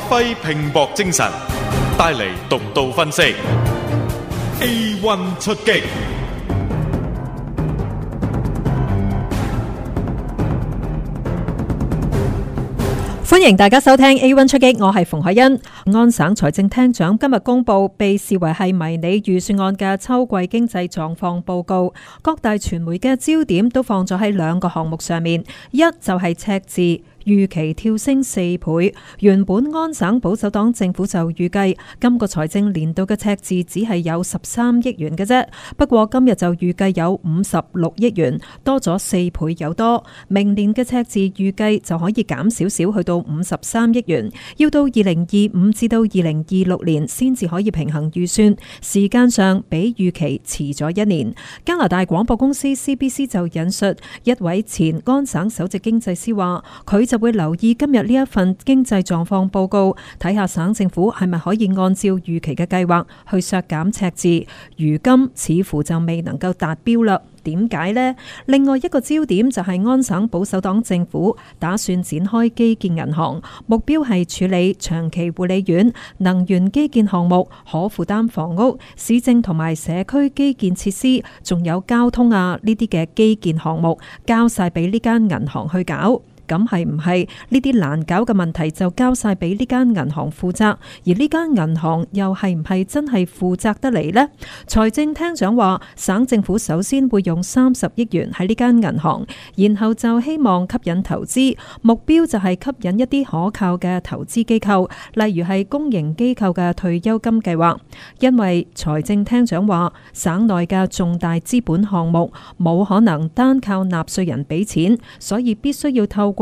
發揮拼搏精神，帶嚟獨到分析。A one 出擊，歡迎大家收聽 A one 出擊，我係馮海恩。安省財政廳長今日公布被視為係迷你預算案嘅秋季經濟狀況報告，各大傳媒嘅焦點都放咗喺兩個項目上面，一就係赤字。預期跳升四倍，原本安省保守黨政府就預計今個財政年度嘅赤字只係有十三億元嘅啫，不過今日就預計有五十六億元，多咗四倍有多。明年嘅赤字預計就可以減少少去到五十三億元，要到二零二五至到二零二六年先至可以平衡預算，時間上比預期遲咗一年。加拿大廣播公司 CBC 就引述一位前安省首席經濟師話：佢就就會留意今日呢一份經濟狀況報告，睇下省政府係咪可以按照預期嘅計劃去削減赤字。如今似乎就未能夠達標啦。點解呢？另外一個焦點就係安省保守黨政府打算展開基建銀行，目標係處理長期護理院、能源基建項目、可負擔房屋、市政同埋社區基建設施，仲有交通啊呢啲嘅基建項目，交晒俾呢間銀行去搞。咁係唔係呢啲難搞嘅問題就交晒俾呢間銀行負責？而呢間銀行又係唔係真係負責得嚟呢？財政廳長話，省政府首先會用三十億元喺呢間銀行，然後就希望吸引投資，目標就係吸引一啲可靠嘅投資機構，例如係公營機構嘅退休金計劃。因為財政廳長話，省內嘅重大資本項目冇可能單靠納稅人俾錢，所以必須要透過。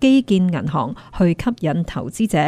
基建銀行去吸引投資者，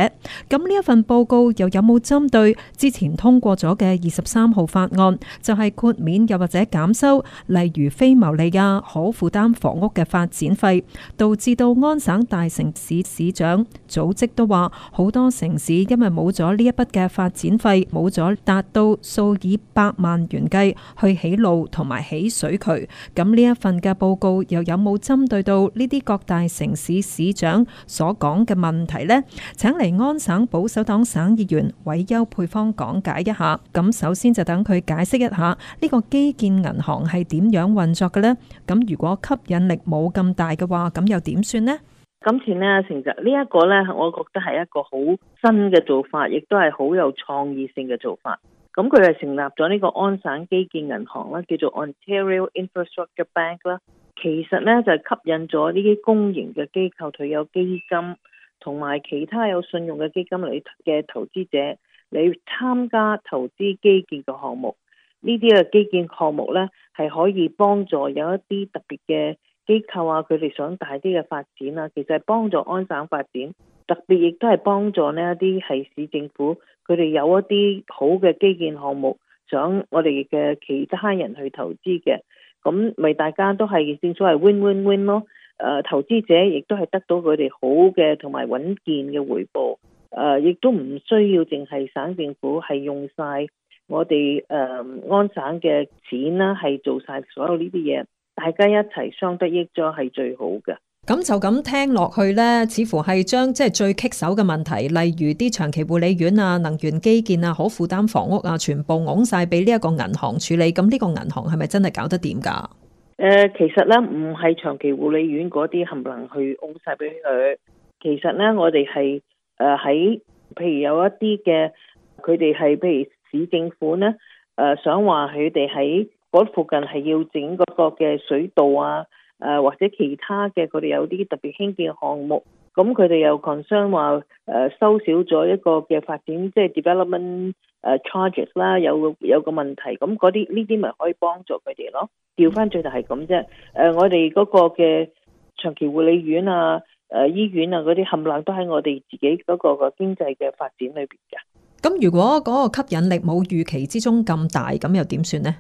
咁呢一份報告又有冇針對之前通過咗嘅二十三號法案，就係、是、豁免又或者減收，例如非牟利啊可負擔房屋嘅發展費，導致到安省大城市市長組織都話好多城市因為冇咗呢一筆嘅發展費，冇咗達到數以百萬元計去起路同埋起水渠，咁呢一份嘅報告又有冇針對到呢啲各大城市市？想所講嘅問題呢，請嚟安省保守黨省議員韋邱佩芳講解一下。咁首先就等佢解釋一下呢個基建銀行係點樣運作嘅呢？咁如果吸引力冇咁大嘅話，咁又點算呢？咁其實呢一個呢，個我覺得係一個好新嘅做法，亦都係好有創意性嘅做法。咁佢係成立咗呢個安省基建銀行啦，叫做 Ontario Infrastructure Bank 啦。其實咧就係、是、吸引咗呢啲公營嘅機構、退休基金同埋其他有信用嘅基金嚟嘅投資者你參加投資基建嘅項目。呢啲嘅基建項目咧，係可以幫助有一啲特別嘅機構啊，佢哋想大啲嘅發展啊，其實係幫助安省發展，特別亦都係幫助呢一啲係市政府佢哋有一啲好嘅基建項目，想我哋嘅其他人去投資嘅。咁咪大家都係正所謂 win win win 咯，誒、啊、投資者亦都係得到佢哋好嘅同埋穩健嘅回報，誒、啊、亦都唔需要淨係省政府係用晒我哋誒安省嘅錢啦，係做晒所有呢啲嘢，大家一齊相得益彰係最好嘅。咁就咁聽落去咧，似乎係將即係最棘手嘅問題，例如啲長期護理院啊、能源基建啊、可負擔房屋啊，全部拱晒俾呢一個銀行處理。咁呢個銀行係咪真係搞得掂噶？誒、呃，其實咧唔係長期護理院嗰啲，能不能去拱晒俾佢？其實咧，我哋係誒喺，譬如有一啲嘅，佢哋係譬如市政府咧，誒、呃、想話佢哋喺嗰附近係要整嗰個嘅水道啊。誒，或者其他嘅，佢哋有啲特別興建嘅項目，咁佢哋又 concern 話，誒、呃、收少咗一個嘅發展，即係 development 誒 charges 啦，有有個問題，咁嗰啲呢啲咪可以幫助佢哋咯？調翻轉頭係咁啫，誒、呃，我哋嗰個嘅長期護理院啊，誒、呃、醫院啊，嗰啲冚唪唥都喺我哋自己嗰個個經濟嘅發展裏邊噶。咁如果嗰個吸引力冇預期之中咁大，咁又點算咧？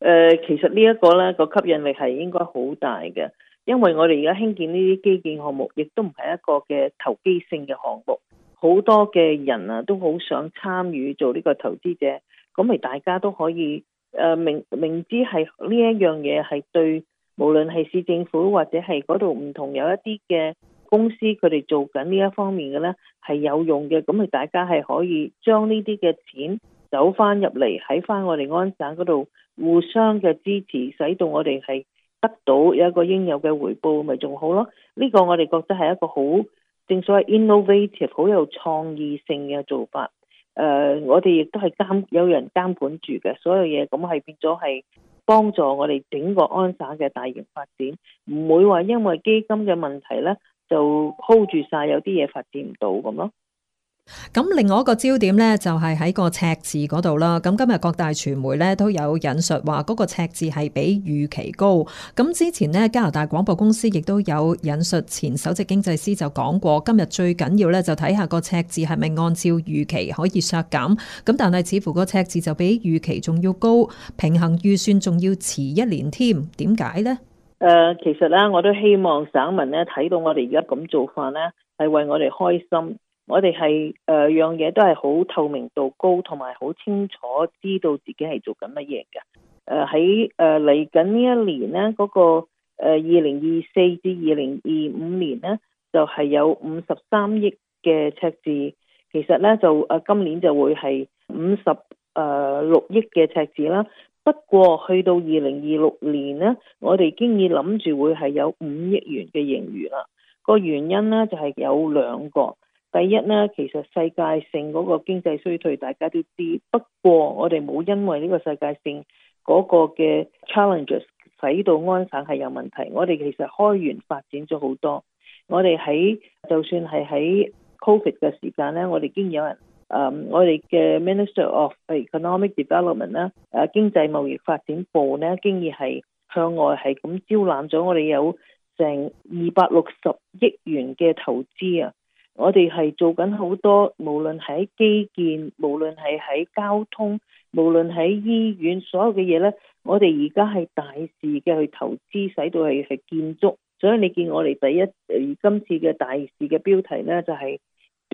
誒、呃，其實這呢一個咧個吸引力係應該好大嘅，因為我哋而家興建呢啲基建項目，亦都唔係一個嘅投機性嘅項目。好多嘅人啊，都好想參與做呢個投資者，咁咪大家都可以誒、呃，明明知係呢一樣嘢係對，無論係市政府或者係嗰度唔同有一啲嘅公司，佢哋做緊呢一方面嘅呢係有用嘅，咁咪大家係可以將呢啲嘅錢。走翻入嚟，喺翻我哋安省嗰度互相嘅支持，使到我哋係得到有一個應有嘅回報，咪仲好咯？呢個我哋覺得係一個好正所謂 innovative，好有創意性嘅做法。誒、呃，我哋亦都係監有人監管住嘅所有嘢，咁係變咗係幫助我哋整個安省嘅大型發展，唔會話因為基金嘅問題呢，就 hold 住晒有啲嘢發展唔到咁咯。咁另外一個焦點呢，就係喺個赤字嗰度啦。咁今日各大傳媒呢，都有引述話，嗰個赤字係比預期高。咁之前呢，加拿大廣播公司亦都有引述前首席經濟師就講過，今日最緊要咧就睇下個赤字係咪按照預期可以削減。咁但係似乎個赤字就比預期仲要高，平衡預算仲要遲一年添。點解呢？誒，其實呢，我都希望省民呢，睇到我哋而家咁做法呢，係為我哋開心。我哋係誒樣嘢都係好透明度高，同埋好清楚知道自己係做緊乜嘢嘅。誒喺誒嚟緊呢一年呢，嗰個二零二四至二零二五年呢，就係有五十三億嘅赤字。其實呢，就誒今年就會係五十誒六億嘅赤字啦。不過去到二零二六年呢，我哋經已諗住會係有五億元嘅盈餘啦。個原因呢，就係有兩個。第一呢，其實世界性嗰個經濟衰退大家都知，不過我哋冇因為呢個世界性嗰個嘅 challenges 使到安省係有問題。我哋其實開源發展咗好多，我哋喺就算係喺 COVID 嘅時間呢，我哋經有人、嗯、我哋嘅 Minister of Economic Development 啦，誒經濟貿易發展部呢，經已係向外係咁招攬咗我哋有成二百六十億元嘅投資啊！我哋係做緊好多，無論喺基建，無論係喺交通，無論喺醫院，所有嘅嘢呢，我哋而家係大市嘅去投資，使到係係建築，所以你見我哋第一誒，今次嘅大市嘅標題呢，就係、是、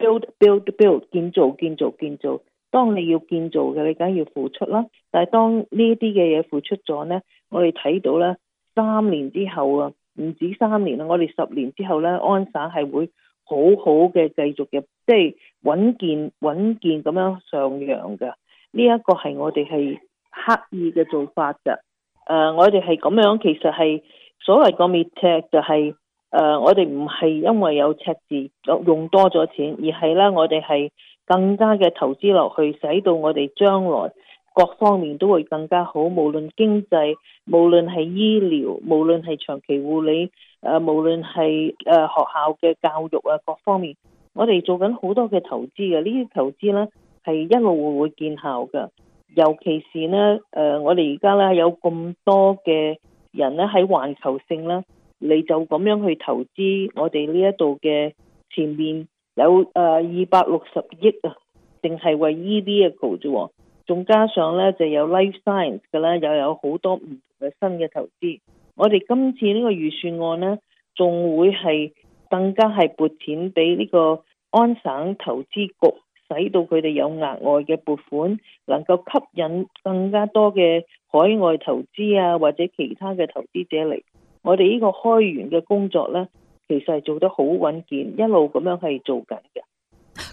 build，build，build，build，建造，建造，建造。當你要建造嘅，你梗要付出啦。但係當呢啲嘅嘢付出咗呢，我哋睇到呢，三年之後啊，唔止三年啊，我哋十年之後呢，安省係會。好好嘅，繼續嘅，即係穩健、穩健咁樣上揚嘅。呢、這、一個係我哋係刻意嘅做法㗎。誒、呃，我哋係咁樣，其實係所謂個滅赤就係、是、誒、呃，我哋唔係因為有赤字用多咗錢，而係呢，我哋係更加嘅投資落去，使到我哋將來。各方面都會更加好，無論經濟，無論係醫療，無論係長期護理，誒，無論係誒學校嘅教育啊，各方面，我哋做緊好多嘅投資嘅，呢啲投資呢係一路會會見效嘅，尤其是呢，誒，我哋而家呢有咁多嘅人呢喺環球性啦，你就咁樣去投資我哋呢一度，嘅前面有誒二百六十億啊，淨係為呢啲嘅 g o a 啫喎。仲加上咧，就有 Life Science 嘅啦，又有好多唔同嘅新嘅投資，我哋今次呢個預算案咧，仲會係更加係撥錢俾呢個安省投資局，使到佢哋有額外嘅撥款，能夠吸引更加多嘅海外投資啊，或者其他嘅投資者嚟。我哋呢個開源嘅工作咧，其實係做得好穩健，一路咁樣係做緊嘅。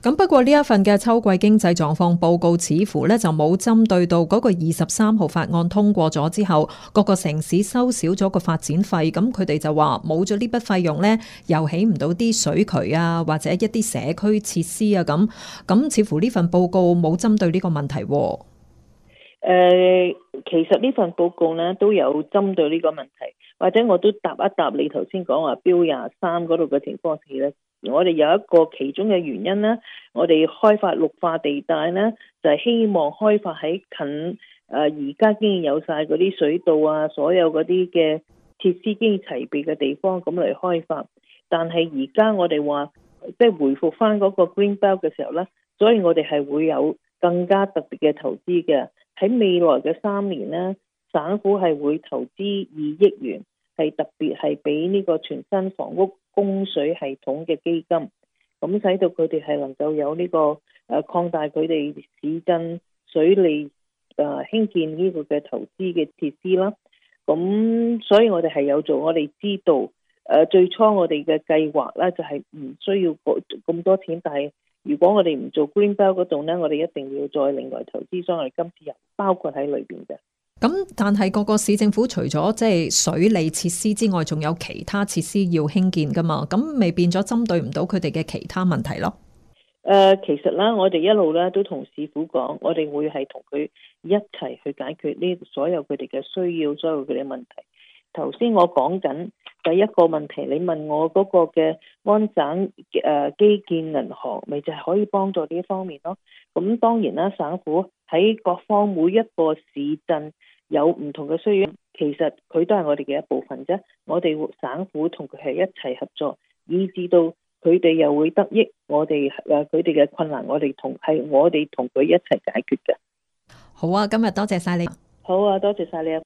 咁不過呢一份嘅秋季經濟狀況報告似乎咧就冇針對到嗰個二十三號法案通過咗之後，各個城市收少咗個發展費，咁佢哋就話冇咗呢筆費用呢，又起唔到啲水渠啊或者一啲社區設施啊咁，咁似乎呢份報告冇針對呢個問題。誒，其實呢份報告呢都有針對呢個問題。或者我都答一答你頭先講話標廿三嗰度嘅情況時咧。我哋有一個其中嘅原因咧，我哋開發綠化地帶咧，就係、是、希望開發喺近誒而家已經有晒嗰啲水道啊，所有嗰啲嘅設施已經齊備嘅地方咁嚟開發。但係而家我哋話即係回覆翻嗰個 green belt 嘅時候咧，所以我哋係會有更加特別嘅投資嘅喺未來嘅三年咧，省府係會投資二億元。係特別係俾呢個全新房屋供水系統嘅基金，咁使到佢哋係能夠有呢個誒擴大佢哋市鎮水利誒、啊、興建呢個嘅投資嘅設施啦。咁所以我哋係有做，我哋知道誒最初我哋嘅計劃咧就係唔需要咁咁多錢，但係如果我哋唔做 Greenbelt 嗰度咧，我哋一定要再另外投資，所以今次有包括喺裏邊嘅。咁，但係各個市政府除咗即係水利設施之外，仲有其他設施要興建噶嘛？咁咪變咗針對唔到佢哋嘅其他問題咯？誒、呃，其實啦，我哋一路咧都同市府講，我哋會係同佢一齊去解決呢所有佢哋嘅需要，所有佢哋問題。頭先我講緊第一個問題，你問我嗰個嘅安省誒、呃、基建銀行，咪就係可以幫助呢一方面咯？咁當然啦，省府。喺各方每一個市鎮有唔同嘅需要，其實佢都係我哋嘅一部分啫。我哋省府同佢係一齊合作，以至到佢哋又會得益我。我哋誒，佢哋嘅困難，我哋同係我哋同佢一齊解決嘅。好啊，今日多謝晒你。好啊，多謝晒你啊。